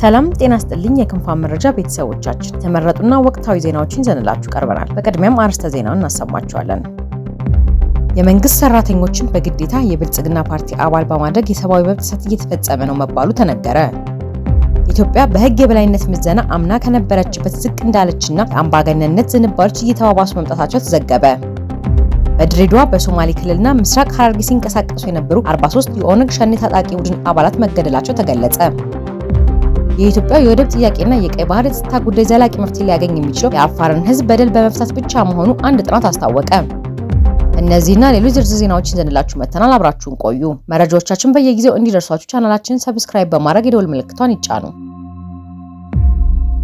ሰላም ጤና ስጥልኝ። የክንፋን መረጃ ቤተሰቦቻችን የተመረጡና ወቅታዊ ዜናዎችን ይዘንላችሁ ቀርበናል። በቅድሚያም አርዕስተ ዜናውን እናሰማችኋለን። የመንግስት ሰራተኞችን በግዴታ የብልጽግና ፓርቲ አባል በማድረግ የሰብአዊ መብት ጥሰት እየተፈጸመ ነው መባሉ ተነገረ። ኢትዮጵያ በህግ የበላይነት ምዘና አምና ከነበረችበት ዝቅ እንዳለችና የአምባገነንነት ዝንባሌዎች እየተባባሱ መምጣታቸው ተዘገበ። በድሬዳዋ በሶማሌ ክልልና ምስራቅ ሐረርጌ ሲንቀሳቀሱ የነበሩ 43 የኦነግ ሸኔ ታጣቂ ቡድን አባላት መገደላቸው ተገለጸ። የኢትዮጵያ የወደብ ጥያቄና የቀይ ባህር የጸጥታ ጉዳይ ዘላቂ መፍትሄ ሊያገኝ የሚችለው የአፋርን ህዝብ በደል በመፍታት ብቻ መሆኑ አንድ ጥናት አስታወቀ። እነዚህና ሌሎች ዝርዝር ዜናዎችን ዘንላችሁ መተናል። አብራችሁን ቆዩ። መረጃዎቻችን በየጊዜው እንዲደርሷችሁ ቻናላችንን ሰብስክራይብ በማድረግ የደወል ምልክቷን ይጫኑ።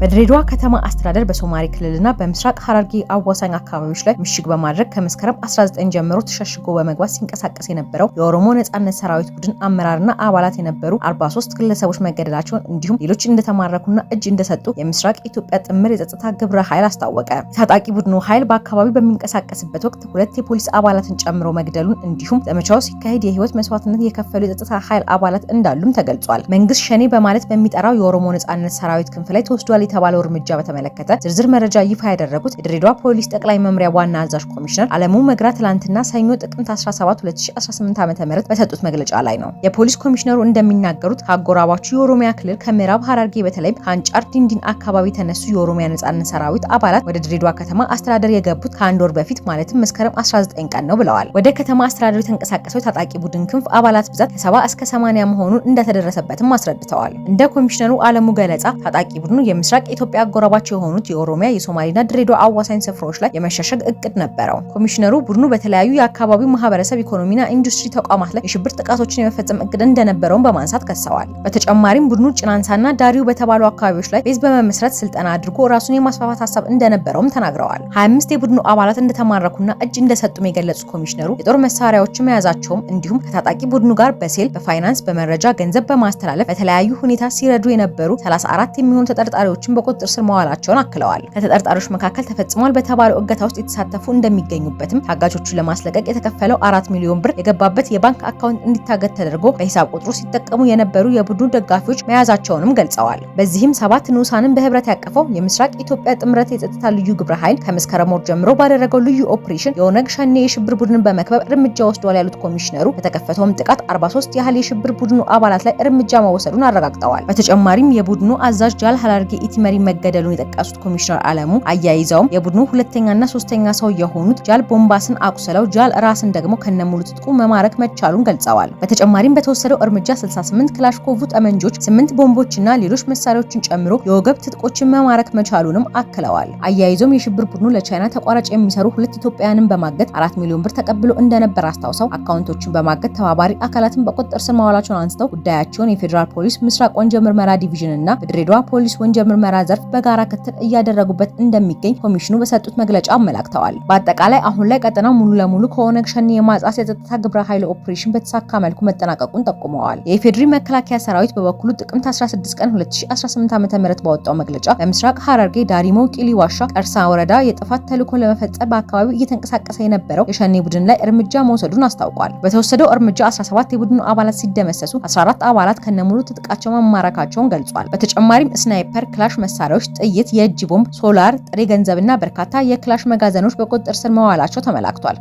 በድሬዳዋ ከተማ አስተዳደር በሶማሌ ክልልና በምስራቅ ሐረርጌ አዋሳኝ አካባቢዎች ላይ ምሽግ በማድረግ ከመስከረም 19 ጀምሮ ተሸሽጎ በመግባት ሲንቀሳቀስ የነበረው የኦሮሞ ነጻነት ሰራዊት ቡድን አመራርና አባላት የነበሩ 43 ግለሰቦች መገደላቸውን እንዲሁም ሌሎች እንደተማረኩና እጅ እንደሰጡ የምስራቅ ኢትዮጵያ ጥምር የጸጥታ ግብረ ኃይል አስታወቀ። የታጣቂ ቡድኑ ኃይል በአካባቢው በሚንቀሳቀስበት ወቅት ሁለት የፖሊስ አባላትን ጨምሮ መግደሉን እንዲሁም ዘመቻው ሲካሄድ የህይወት መስዋዕትነት የከፈሉ የጸጥታ ኃይል አባላት እንዳሉም ተገልጿል። መንግስት ሸኔ በማለት በሚጠራው የኦሮሞ ነጻነት ሰራዊት ክንፍ ላይ ተወስዷል የተባለው እርምጃ በተመለከተ ዝርዝር መረጃ ይፋ ያደረጉት የድሬዳዋ ፖሊስ ጠቅላይ መምሪያ ዋና አዛዥ ኮሚሽነር አለሙ መግራ ትላንትና ሰኞ ጥቅምት 17 2018 ም በሰጡት መግለጫ ላይ ነው። የፖሊስ ኮሚሽነሩ እንደሚናገሩት ከአጎራባቹ የኦሮሚያ ክልል ከምዕራብ ሀራርጌ በተለይ ከአንጫር ዲንዲን አካባቢ የተነሱ የኦሮሚያ ነጻነት ሰራዊት አባላት ወደ ድሬዳዋ ከተማ አስተዳደር የገቡት ከአንድ ወር በፊት ማለትም መስከረም 19 ቀን ነው ብለዋል። ወደ ከተማ አስተዳደሩ የተንቀሳቀሰው የታጣቂ ቡድን ክንፍ አባላት ብዛት ከሰባ እስከ 80 መሆኑን እንደተደረሰበትም አስረድተዋል። እንደ ኮሚሽነሩ አለሙ ገለጻ ታጣቂ ቡድኑ የምስራ ምስራቅ ኢትዮጵያ አጎራባች የሆኑት የኦሮሚያ የሶማሌና ድሬዳዋ አዋሳኝ ስፍራዎች ላይ የመሸሸግ እቅድ ነበረው። ኮሚሽነሩ ቡድኑ በተለያዩ የአካባቢው ማህበረሰብ ኢኮኖሚና ኢንዱስትሪ ተቋማት ላይ የሽብር ጥቃቶችን የመፈጸም እቅድ እንደነበረውን በማንሳት ከሰዋል። በተጨማሪም ቡድኑ ጭናንሳና ዳሪው በተባሉ አካባቢዎች ላይ ቤዝ በመመስረት ስልጠና አድርጎ ራሱን የማስፋፋት ሀሳብ እንደነበረውም ተናግረዋል። 25 የቡድኑ አባላት እንደተማረኩና እጅ እንደሰጡም የገለጹ ኮሚሽነሩ የጦር መሳሪያዎችን መያዛቸውም እንዲሁም ከታጣቂ ቡድኑ ጋር በሴል በፋይናንስ በመረጃ ገንዘብ በማስተላለፍ በተለያዩ ሁኔታ ሲረዱ የነበሩ 34 የሚሆኑ ተጠርጣሪዎች ሰዎችን በቁጥጥር ስር መዋላቸውን አክለዋል። ከተጠርጣሪዎች መካከል ተፈጽሟል በተባለው እገታ ውስጥ የተሳተፉ እንደሚገኙበትም ታጋቾቹን ለማስለቀቅ የተከፈለው አራት ሚሊዮን ብር የገባበት የባንክ አካውንት እንዲታገድ ተደርጎ በሂሳብ ቁጥሩ ሲጠቀሙ የነበሩ የቡድኑ ደጋፊዎች መያዛቸውንም ገልጸዋል። በዚህም ሰባት ንዑሳንን በህብረት ያቀፈው የምስራቅ ኢትዮጵያ ጥምረት የጸጥታ ልዩ ግብረ ኃይል ከመስከረም ወር ጀምሮ ባደረገው ልዩ ኦፕሬሽን የኦነግ ሸኔ የሽብር ቡድንን በመክበብ እርምጃ ወስደዋል ያሉት ኮሚሽነሩ በተከፈተውም ጥቃት 43 ያህል የሽብር ቡድኑ አባላት ላይ እርምጃ መወሰዱን አረጋግጠዋል። በተጨማሪም የቡድኑ አዛዥ ጃል ሀላርጌ መሪ መገደሉን የጠቀሱት ኮሚሽነር አለሙ አያይዘውም የቡድኑ ሁለተኛና ሶስተኛ ሰው የሆኑት ጃል ቦምባስን አቁስለው ጃል ራስን ደግሞ ከነሙሉ ትጥቁ መማረክ መቻሉን ገልጸዋል። በተጨማሪም በተወሰደው እርምጃ 68 ክላሽኮቭ ጠመንጆች፣ 8 ቦምቦችና ሌሎች መሳሪያዎችን ጨምሮ የወገብ ትጥቆችን መማረክ መቻሉንም አክለዋል። አያይዘውም የሽብር ቡድኑ ለቻይና ተቋራጭ የሚሰሩ ሁለት ኢትዮጵያውያንን በማገት አራት ሚሊዮን ብር ተቀብሎ እንደነበር አስታውሰው አካውንቶችን በማገት ተባባሪ አካላትን በቁጥጥር ስር ማዋላቸውን አንስተው ጉዳያቸውን የፌዴራል ፖሊስ ምስራቅ ወንጀል ምርመራ ዲቪዥን እና በድሬዳዋ ፖሊስ ወንጀል ምርመራ ምርመራ ዘርፍ በጋራ ክትል እያደረጉበት እንደሚገኝ ኮሚሽኑ በሰጡት መግለጫ አመላክተዋል። በአጠቃላይ አሁን ላይ ቀጠናው ሙሉ ለሙሉ ከኦነግ ሸኔ የማጽዳት የጸጥታ ግብረ ኃይል ኦፕሬሽን በተሳካ መልኩ መጠናቀቁን ጠቁመዋል። የኢፌዴሪ መከላከያ ሰራዊት በበኩሉ ጥቅምት 16 ቀን 2018 ዓ ም ባወጣው መግለጫ በምስራቅ ሐረርጌ ዳሪሞ ቂሊ ዋሻ ቀርሳ ወረዳ የጥፋት ተልዕኮ ለመፈጸም በአካባቢው እየተንቀሳቀሰ የነበረው የሸኔ ቡድን ላይ እርምጃ መውሰዱን አስታውቋል። በተወሰደው እርምጃ 17 የቡድኑ አባላት ሲደመሰሱ 14 አባላት ከነሙሉ ትጥቃቸው መማረካቸውን ገልጿል። በተጨማሪም ስናይፐር ክላ የክላሽ መሳሪያዎች፣ ጥይት፣ የእጅ ቦምብ፣ ሶላር፣ ጥሬ ገንዘብና በርካታ የክላሽ መጋዘኖች በቁጥጥር ስር መዋላቸው ተመላክቷል።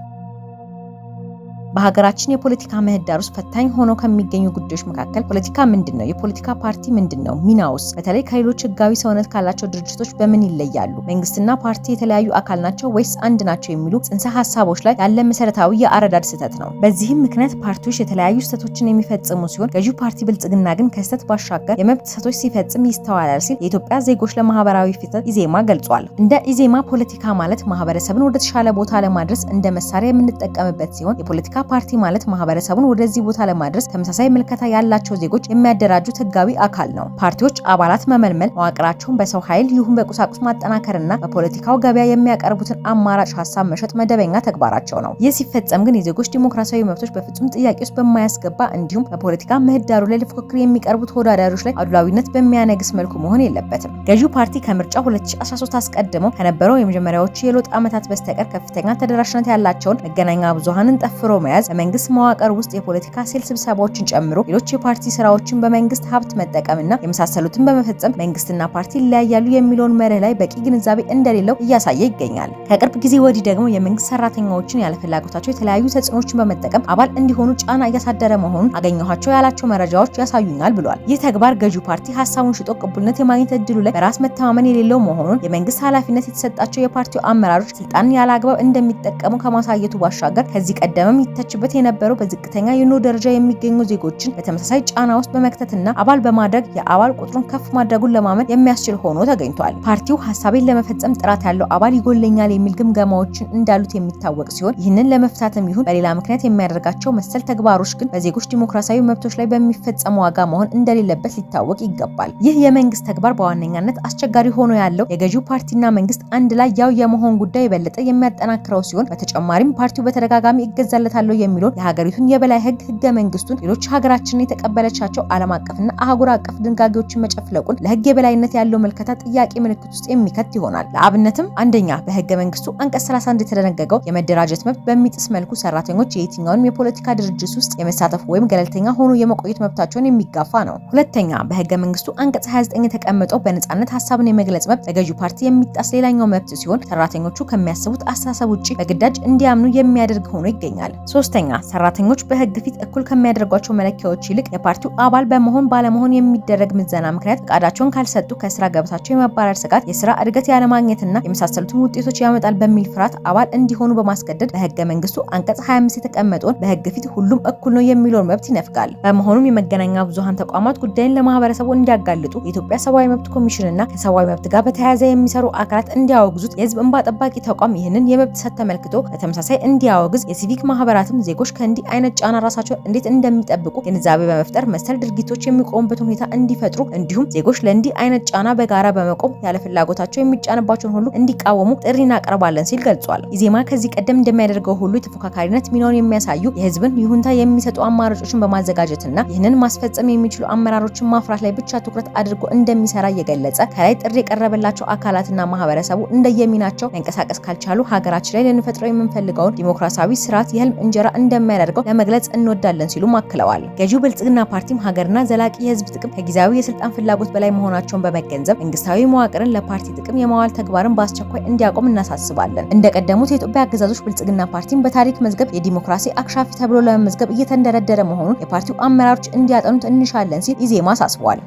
በሀገራችን የፖለቲካ ምህዳር ውስጥ ፈታኝ ሆኖ ከሚገኙ ጉዳዮች መካከል ፖለቲካ ምንድን ነው? የፖለቲካ ፓርቲ ምንድን ነው? ሚናውስ በተለይ ከሌሎች ህጋዊ ሰውነት ካላቸው ድርጅቶች በምን ይለያሉ? መንግስትና ፓርቲ የተለያዩ አካል ናቸው ወይስ አንድ ናቸው? የሚሉ ጽንሰ ሀሳቦች ላይ ያለ መሰረታዊ የአረዳድ ስህተት ነው። በዚህም ምክንያት ፓርቲዎች የተለያዩ ስህተቶችን የሚፈጽሙ ሲሆን ገዢው ፓርቲ ብልጽግና ግን ከስህተት ባሻገር የመብት ጥሰቶች ሲፈጽም ይስተዋላል ሲል የኢትዮጵያ ዜጎች ለማህበራዊ ፍትህ ኢዜማ ገልጿል። እንደ ኢዜማ ፖለቲካ ማለት ማህበረሰብን ወደ ተሻለ ቦታ ለማድረስ እንደ መሳሪያ የምንጠቀምበት ሲሆን የፖለቲካ ፓርቲ ማለት ማህበረሰቡን ወደዚህ ቦታ ለማድረስ ተመሳሳይ ምልከታ ያላቸው ዜጎች የሚያደራጁት ህጋዊ አካል ነው። ፓርቲዎች አባላት መመልመል፣ መዋቅራቸውን በሰው ኃይል ይሁን በቁሳቁስ ማጠናከርና በፖለቲካው ገበያ የሚያቀርቡትን አማራጭ ሀሳብ መሸጥ መደበኛ ተግባራቸው ነው። ይህ ሲፈጸም ግን የዜጎች ዲሞክራሲያዊ መብቶች በፍጹም ጥያቄ ውስጥ በማያስገባ እንዲሁም በፖለቲካ ምህዳሩ ላይ ለፉክክር የሚቀርቡ ተወዳዳሪዎች ላይ አድሏዊነት በሚያነግስ መልኩ መሆን የለበትም። ገዢው ፓርቲ ከምርጫ 2013 አስቀድመው ከነበረው የመጀመሪያዎቹ የለውጥ ዓመታት በስተቀር ከፍተኛ ተደራሽነት ያላቸውን መገናኛ ብዙሀንን ጠፍሮ በመያዝ በመንግስት መዋቅር ውስጥ የፖለቲካ ሴል ስብሰባዎችን ጨምሮ ሌሎች የፓርቲ ስራዎችን በመንግስት ሀብት መጠቀምና የመሳሰሉትን በመፈጸም መንግስትና ፓርቲ ይለያያሉ የሚለውን መርህ ላይ በቂ ግንዛቤ እንደሌለው እያሳየ ይገኛል። ከቅርብ ጊዜ ወዲህ ደግሞ የመንግስት ሰራተኛዎችን ያለፍላጎታቸው የተለያዩ ተጽዕኖችን በመጠቀም አባል እንዲሆኑ ጫና እያሳደረ መሆኑን አገኘኋቸው ያላቸው መረጃዎች ያሳዩኛል ብሏል። ይህ ተግባር ገዢው ፓርቲ ሀሳቡን ሽጦ ቅቡልነት የማግኘት እድሉ ላይ በራስ መተማመን የሌለው መሆኑን የመንግስት ኃላፊነት የተሰጣቸው የፓርቲው አመራሮች ስልጣንን ያለ አግባብ እንደሚጠቀሙ ከማሳየቱ ባሻገር ከዚህ ቀደምም ሲተችበት የነበረው በዝቅተኛ የኑሮ ደረጃ የሚገኙ ዜጎችን በተመሳሳይ ጫና ውስጥ በመክተትና አባል በማድረግ የአባል ቁጥሩን ከፍ ማድረጉን ለማመን የሚያስችል ሆኖ ተገኝቷል። ፓርቲው ሀሳቤን ለመፈጸም ጥራት ያለው አባል ይጎለኛል የሚል ግምገማዎችን እንዳሉት የሚታወቅ ሲሆን ይህንን ለመፍታትም ይሁን በሌላ ምክንያት የሚያደርጋቸው መሰል ተግባሮች ግን በዜጎች ዲሞክራሲያዊ መብቶች ላይ በሚፈጸም ዋጋ መሆን እንደሌለበት ሊታወቅ ይገባል። ይህ የመንግስት ተግባር በዋነኛነት አስቸጋሪ ሆኖ ያለው የገዢው ፓርቲና መንግስት አንድ ላይ ያው የመሆን ጉዳይ የበለጠ የሚያጠናክረው ሲሆን በተጨማሪም ፓርቲው በተደጋጋሚ ይገዛለታል አለው የሚለውን የሀገሪቱን የበላይ ህግ ህገ መንግስቱን ሌሎች ሀገራችንን የተቀበለቻቸው ዓለም አቀፍና አህጉር አቀፍ ድንጋጌዎችን መጨፍለቁን ለህግ የበላይነት ያለው መልከታ ጥያቄ ምልክት ውስጥ የሚከት ይሆናል። ለአብነትም አንደኛ በህገ መንግስቱ አንቀጽ 31 የተደነገገው የመደራጀት መብት በሚጥስ መልኩ ሰራተኞች የየትኛውንም የፖለቲካ ድርጅት ውስጥ የመሳተፍ ወይም ገለልተኛ ሆኖ የመቆየት መብታቸውን የሚጋፋ ነው። ሁለተኛ በህገ መንግስቱ አንቀጽ 29 የተቀመጠው በነጻነት ሀሳብን የመግለጽ መብት በገዢ ፓርቲ የሚጣስ ሌላኛው መብት ሲሆን ሰራተኞቹ ከሚያስቡት አስተሳሰብ ውጭ በግዳጅ እንዲያምኑ የሚያደርግ ሆኖ ይገኛል። ሶስተኛ ሰራተኞች በህግ ፊት እኩል ከሚያደርጓቸው መለኪያዎች ይልቅ የፓርቲው አባል በመሆን ባለመሆን የሚደረግ ምዘና ምክንያት ፈቃዳቸውን ካልሰጡ ከስራ ገበታቸው የመባረር ስጋት፣ የስራ እድገት ያለማግኘትና የመሳሰሉትን ውጤቶች ያመጣል በሚል ፍርሃት አባል እንዲሆኑ በማስገደድ በህገ መንግስቱ አንቀጽ 25 የተቀመጠውን በህግ ፊት ሁሉም እኩል ነው የሚለውን መብት ይነፍጋል። በመሆኑም የመገናኛ ብዙሀን ተቋማት ጉዳይን ለማህበረሰቡ እንዲያጋልጡ የኢትዮጵያ ሰብአዊ መብት ኮሚሽንና ከሰብአዊ መብት ጋር በተያያዘ የሚሰሩ አካላት እንዲያወግዙት፣ የህዝብ እንባ ጠባቂ ተቋም ይህንን የመብት ጥሰት ተመልክቶ በተመሳሳይ እንዲያወግዝ፣ የሲቪክ ማህበራት ምክንያቱም ዜጎች ከእንዲህ አይነት ጫና ራሳቸውን እንዴት እንደሚጠብቁ ግንዛቤ በመፍጠር መሰል ድርጊቶች የሚቆሙበት ሁኔታ እንዲፈጥሩ እንዲሁም ዜጎች ለእንዲህ አይነት ጫና በጋራ በመቆም ያለ ፍላጎታቸው የሚጫንባቸውን ሁሉ እንዲቃወሙ ጥሪ እናቀርባለን ሲል ገልጿል። ኢዜማ ከዚህ ቀደም እንደሚያደርገው ሁሉ የተፎካካሪነት ሚናውን የሚያሳዩ የህዝብን ይሁንታ የሚሰጡ አማራጮችን በማዘጋጀትና ይህንን ማስፈጸም የሚችሉ አመራሮችን ማፍራት ላይ ብቻ ትኩረት አድርጎ እንደሚሰራ እየገለጸ ከላይ ጥሪ የቀረበላቸው አካላትና ማህበረሰቡ እንደየሚናቸው መንቀሳቀስ ካልቻሉ ሀገራችን ላይ ልንፈጥረው የምንፈልገውን ዲሞክራሲያዊ ስርዓት የህልም እንጂ እንጀራ እንደሚያደርገው ለመግለጽ እንወዳለን ሲሉም አክለዋል። ገዢው ብልጽግና ፓርቲም ሀገርና ዘላቂ የህዝብ ጥቅም ከጊዜያዊ የስልጣን ፍላጎት በላይ መሆናቸውን በመገንዘብ መንግስታዊ መዋቅርን ለፓርቲ ጥቅም የማዋል ተግባርን በአስቸኳይ እንዲያቆም እናሳስባለን። እንደቀደሙት የኢትዮጵያ አገዛዞች ብልጽግና ፓርቲም በታሪክ መዝገብ የዲሞክራሲ አክሻፊ ተብሎ ለመመዝገብ እየተንደረደረ መሆኑን የፓርቲው አመራሮች እንዲያጠኑት እንሻለን ሲል ኢዜማ አሳስቧል።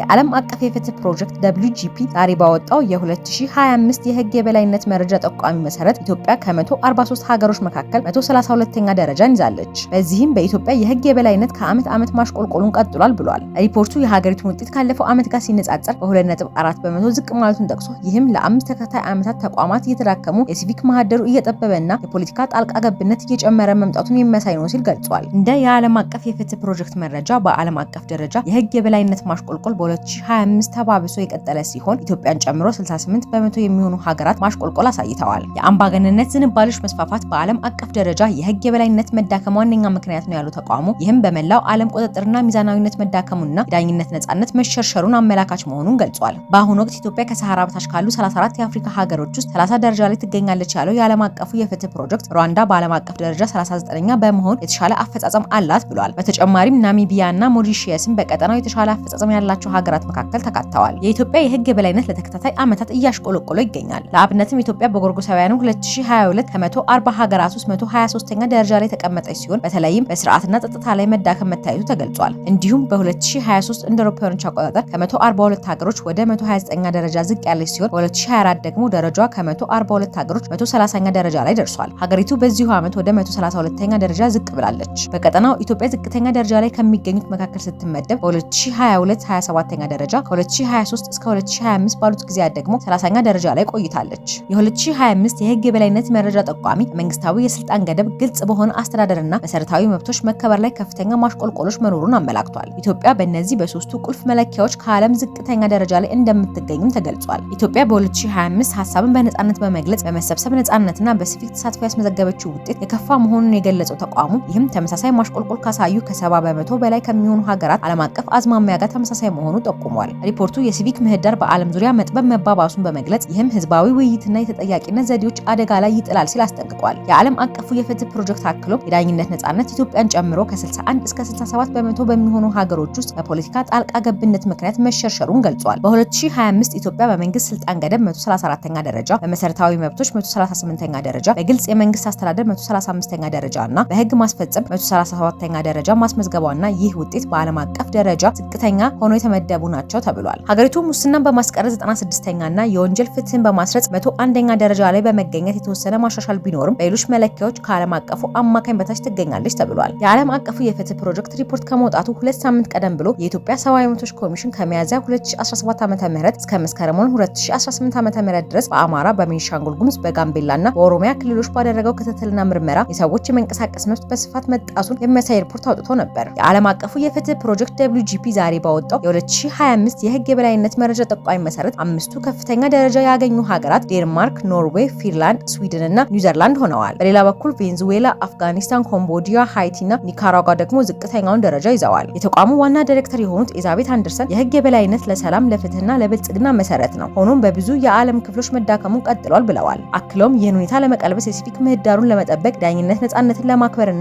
የዓለም አቀፍ የፍትህ ፕሮጀክት WGP ዛሬ ባወጣው የ2025 የህግ የበላይነት መረጃ ጠቋሚ መሰረት ኢትዮጵያ ከ143 ሀገሮች መካከል 132ኛ ደረጃን ይዛለች። በዚህም በኢትዮጵያ የህግ የበላይነት ከዓመት ዓመት ማሽቆልቆሉን ቀጥሏል ብሏል። ሪፖርቱ የሀገሪቱን ውጤት ካለፈው ዓመት ጋር ሲነጻጸር በ2.4 በመቶ ዝቅ ማለቱን ጠቅሶ ይህም ለአምስት ተከታይ ዓመታት ተቋማት እየተዳከሙ የሲቪክ ማህደሩ እየጠበበና የፖለቲካ ጣልቃ ገብነት እየጨመረ መምጣቱን የሚያሳይ ነው ሲል ገልጿል። እንደ የዓለም አቀፍ የፍትህ ፕሮጀክት መረጃ በዓለም አቀፍ ደረጃ የህግ የበላይነት ማሽቆልቆል በ2025 ተባብሶ የቀጠለ ሲሆን ኢትዮጵያን ጨምሮ 68 በመቶ የሚሆኑ ሀገራት ማሽቆልቆል አሳይተዋል። የአምባገነንነት ዝንባሌዎች መስፋፋት በዓለም አቀፍ ደረጃ የህግ የበላይነት መዳከም ዋነኛ ምክንያት ነው ያሉ ተቋሙ ይህም በመላው ዓለም ቁጥጥርና ሚዛናዊነት መዳከሙና የዳኝነት ነጻነት መሸርሸሩን አመላካች መሆኑን ገልጿል። በአሁኑ ወቅት ኢትዮጵያ ከሰሃራ በታች ካሉ 34 የአፍሪካ ሀገሮች ውስጥ 30 ደረጃ ላይ ትገኛለች ያለው የዓለም አቀፉ የፍትህ ፕሮጀክት ሩዋንዳ በዓለም አቀፍ ደረጃ 39ኛ በመሆን የተሻለ አፈጻጸም አላት ብሏል። በተጨማሪም ናሚቢያና ሞሪሺየስን በቀጠናው የተሻለ አፈጻጸም ያላቸው ሀገራት መካከል ተካተዋል። የኢትዮጵያ የህግ የበላይነት ለተከታታይ ዓመታት እያሽቆለቆሎ ይገኛል። ለአብነትም ኢትዮጵያ በጎርጎሳውያኑ 2022 ከ140 ሀገራት ውስጥ 123ኛ ደረጃ ላይ ተቀመጠች ሲሆን በተለይም በስርዓትና ጸጥታ ላይ መዳከም መታየቱ ተገልጿል። እንዲሁም በ2023 እንደ አውሮፓውያኖች አቆጣጠር ከ142 ሀገሮች ወደ 129ኛ ደረጃ ዝቅ ያለች ሲሆን በ2024 ደግሞ ደረጃ ከ142 ሀገሮች 130ኛ ደረጃ ላይ ደርሷል። ሀገሪቱ በዚሁ ዓመት ወደ 132ኛ ደረጃ ዝቅ ብላለች። በቀጠናው ኢትዮጵያ ዝቅተኛ ደረጃ ላይ ከሚገኙት መካከል ስትመደብ በ2022 27 7ኛ ደረጃ ከ2023 እስከ 2025 ባሉት ጊዜያት ደግሞ 30ኛ ደረጃ ላይ ቆይታለች። የ2025 የህግ የበላይነት መረጃ ጠቋሚ መንግስታዊ የስልጣን ገደብ ግልጽ በሆነ አስተዳደርና መሰረታዊ መብቶች መከበር ላይ ከፍተኛ ማሽቆልቆሎች መኖሩን አመላክቷል። ኢትዮጵያ በእነዚህ በሶስቱ ቁልፍ መለኪያዎች ከዓለም ዝቅተኛ ደረጃ ላይ እንደምትገኝም ተገልጿል። ኢትዮጵያ በ2025 ሀሳብን በነጻነት በመግለጽ በመሰብሰብ ነጻነትና በሲቪክ ተሳትፎ ያስመዘገበችው ውጤት የከፋ መሆኑን የገለጸው ተቋሙ ይህም ተመሳሳይ ማሽቆልቆል ካሳዩ ከ70 በመቶ በላይ ከሚሆኑ ሀገራት ዓለም አቀፍ አዝማሚያ ጋር ተመሳሳይ መሆኑ መሆኑ ጠቁሟል። ሪፖርቱ የሲቪክ ምህዳር በዓለም ዙሪያ መጥበብ መባባሱን በመግለጽ ይህም ህዝባዊ ውይይትና የተጠያቂነት ዘዴዎች አደጋ ላይ ይጥላል ሲል አስጠንቅቋል። የዓለም አቀፉ የፍትህ ፕሮጀክት አክሎ የዳኝነት ነጻነት ኢትዮጵያን ጨምሮ ከ61 እስከ 67 በመቶ በሚሆኑ ሀገሮች ውስጥ በፖለቲካ ጣልቃ ገብነት ምክንያት መሸርሸሩን ገልጿል። በ2025 ኢትዮጵያ በመንግስት ስልጣን ገደብ 134ኛ ደረጃ፣ በመሰረታዊ መብቶች 138ኛ ደረጃ፣ በግልጽ የመንግስት አስተዳደር 135ኛ ደረጃ እና በህግ ማስፈጸም 137ኛ ደረጃ ማስመዝገቧና ይህ ውጤት በዓለም አቀፍ ደረጃ ዝቅተኛ ሆኖ የተመደ የሚመደቡ ናቸው ተብሏል። ሀገሪቱ ሙስናን በማስቀረት 96ኛና የወንጀል ፍትህን በማስረጽ 101ኛ ደረጃ ላይ በመገኘት የተወሰነ ማሻሻል ቢኖርም በሌሎች መለኪያዎች ከዓለም አቀፉ አማካኝ በታች ትገኛለች ተብሏል። የዓለም አቀፉ የፍትህ ፕሮጀክት ሪፖርት ከመውጣቱ ሁለት ሳምንት ቀደም ብሎ የኢትዮጵያ ሰብአዊ መብቶች ኮሚሽን ከሚያዝያ 2017 ም እስከ መስከረም 2018 ዓ.ም ድረስ በአማራ፣ በቤኒሻንጉል ጉምዝ፣ በጋምቤላና በኦሮሚያ ክልሎች ባደረገው ክትትልና ምርመራ የሰዎች የመንቀሳቀስ መብት በስፋት መጣሱን የሚያሳይ ሪፖርት አውጥቶ ነበር። የዓለም አቀፉ የፍትህ ፕሮጀክት ደብሊው ጂፒ ዛሬ ባወጣው 2025 የህግ የበላይነት መረጃ ጠቋሚ መሰረት አምስቱ ከፍተኛ ደረጃ ያገኙ ሀገራት ዴንማርክ፣ ኖርዌይ፣ ፊንላንድ፣ ስዊድን እና ኒውዚላንድ ሆነዋል። በሌላ በኩል ቬንዙዌላ፣ አፍጋኒስታን፣ ኮምቦዲያ፣ እና ኒካራጓ ደግሞ ዝቅተኛውን ደረጃ ይዘዋል። የተቋሙ ዋና ዳይሬክተር የሆኑት ኤዛቤት አንደርሰን የህግ የበላይነት ለሰላም ለፍትህና ለብልጽግና መሰረት ነው፣ ሆኖም በብዙ የዓለም ክፍሎች መዳከሙን ቀጥሏል ብለዋል። አክለውም ይህን ሁኔታ ለመቀልበስ የሲቪክ ምህዳሩን ለመጠበቅ ዳኝነት ነጻነትን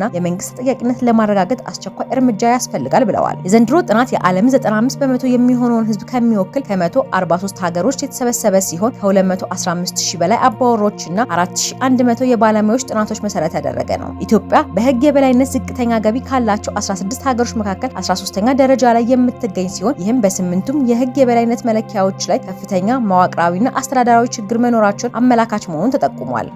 ና የመንግስት ተጠያቂነት ለማረጋገጥ አስቸኳይ እርምጃ ያስፈልጋል ብለዋል። የዘንድሮ ጥናት የዓለም 95 በመቶ በመቶ የሚሆነውን ህዝብ ከሚወክል ከ143 ሀገሮች የተሰበሰበ ሲሆን ከ 215000 በላይ አባወሮችና 4100 የባለሙያዎች ጥናቶች መሰረት ያደረገ ነው። ኢትዮጵያ በህግ የበላይነት ዝቅተኛ ገቢ ካላቸው 16 ሀገሮች መካከል 13ኛ ደረጃ ላይ የምትገኝ ሲሆን ይህም በስምንቱም የህግ የበላይነት መለኪያዎች ላይ ከፍተኛ መዋቅራዊና አስተዳደራዊ ችግር መኖራቸውን አመላካች መሆኑን ተጠቁሟል።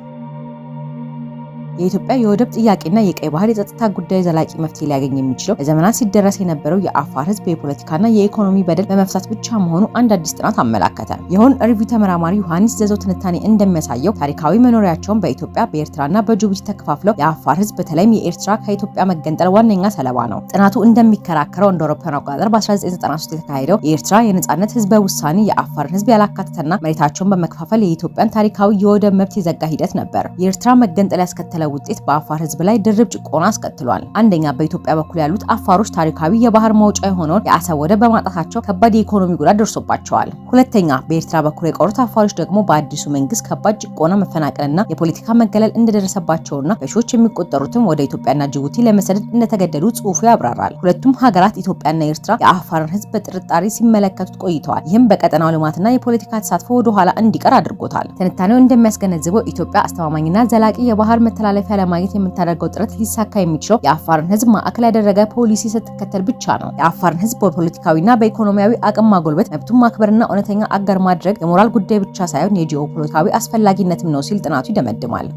የኢትዮጵያ የወደብ ጥያቄና የቀይ ባህር የጸጥታ ጉዳይ ዘላቂ መፍትሄ ሊያገኝ የሚችለው ለዘመናት ሲደረስ የነበረው የአፋር ህዝብ የፖለቲካና የኢኮኖሚ በደል በመፍታት ብቻ መሆኑ አንድ አዲስ ጥናት አመላከተ። የሆን ሪቪው ተመራማሪ ዮሐንስ ዘዘው ትንታኔ እንደሚያሳየው ታሪካዊ መኖሪያቸውን በኢትዮጵያ በኤርትራና በጅቡቲ ተከፋፍለው የአፋር ህዝብ በተለይም የኤርትራ ከኢትዮጵያ መገንጠል ዋነኛ ሰለባ ነው። ጥናቱ እንደሚከራከረው እንደ አውሮፓውያን አቆጣጠር በ1993 የተካሄደው የኤርትራ የነጻነት ህዝበ ውሳኔ የአፋርን ህዝብ ያላካተተና መሬታቸውን በመከፋፈል የኢትዮጵያን ታሪካዊ የወደብ መብት የዘጋ ሂደት ነበር። የኤርትራ መገንጠል ያስከተለ ውጤት በአፋር ህዝብ ላይ ድርብ ጭቆና አስከትሏል። አንደኛ በኢትዮጵያ በኩል ያሉት አፋሮች ታሪካዊ የባህር መውጫ የሆነውን የአሰብ ወደብ በማጣታቸው ከባድ የኢኮኖሚ ጉዳት ደርሶባቸዋል። ሁለተኛ በኤርትራ በኩል የቀሩት አፋሮች ደግሞ በአዲሱ መንግስት ከባድ ጭቆና፣ መፈናቀልና የፖለቲካ መገለል እንደደረሰባቸውና በሺዎች የሚቆጠሩትም ወደ ኢትዮጵያና ጅቡቲ ለመሰደድ እንደተገደዱ ጽሁፉ ያብራራል። ሁለቱም ሀገራት ኢትዮጵያና ኤርትራ የአፋርን ህዝብ በጥርጣሬ ሲመለከቱት ቆይተዋል። ይህም በቀጠናው ልማትና የፖለቲካ ተሳትፎ ወደኋላ እንዲቀር አድርጎታል። ትንታኔው እንደሚያስገነዝበው ኢትዮጵያ አስተማማኝና ዘላቂ የባህር መተላለፍ ማለፊያ ለማግኘት የምታደርገው ጥረት ሊሳካ የሚችለው የአፋርን ህዝብ ማዕከል ያደረገ ፖሊሲ ስትከተል ብቻ ነው። የአፋርን ህዝብ በፖለቲካዊና በኢኮኖሚያዊ አቅም ማጎልበት፣ መብቱን ማክበርና እውነተኛ አገር ማድረግ የሞራል ጉዳይ ብቻ ሳይሆን የጂኦፖለቲካዊ አስፈላጊነትም ነው ሲል ጥናቱ ይደመድማል።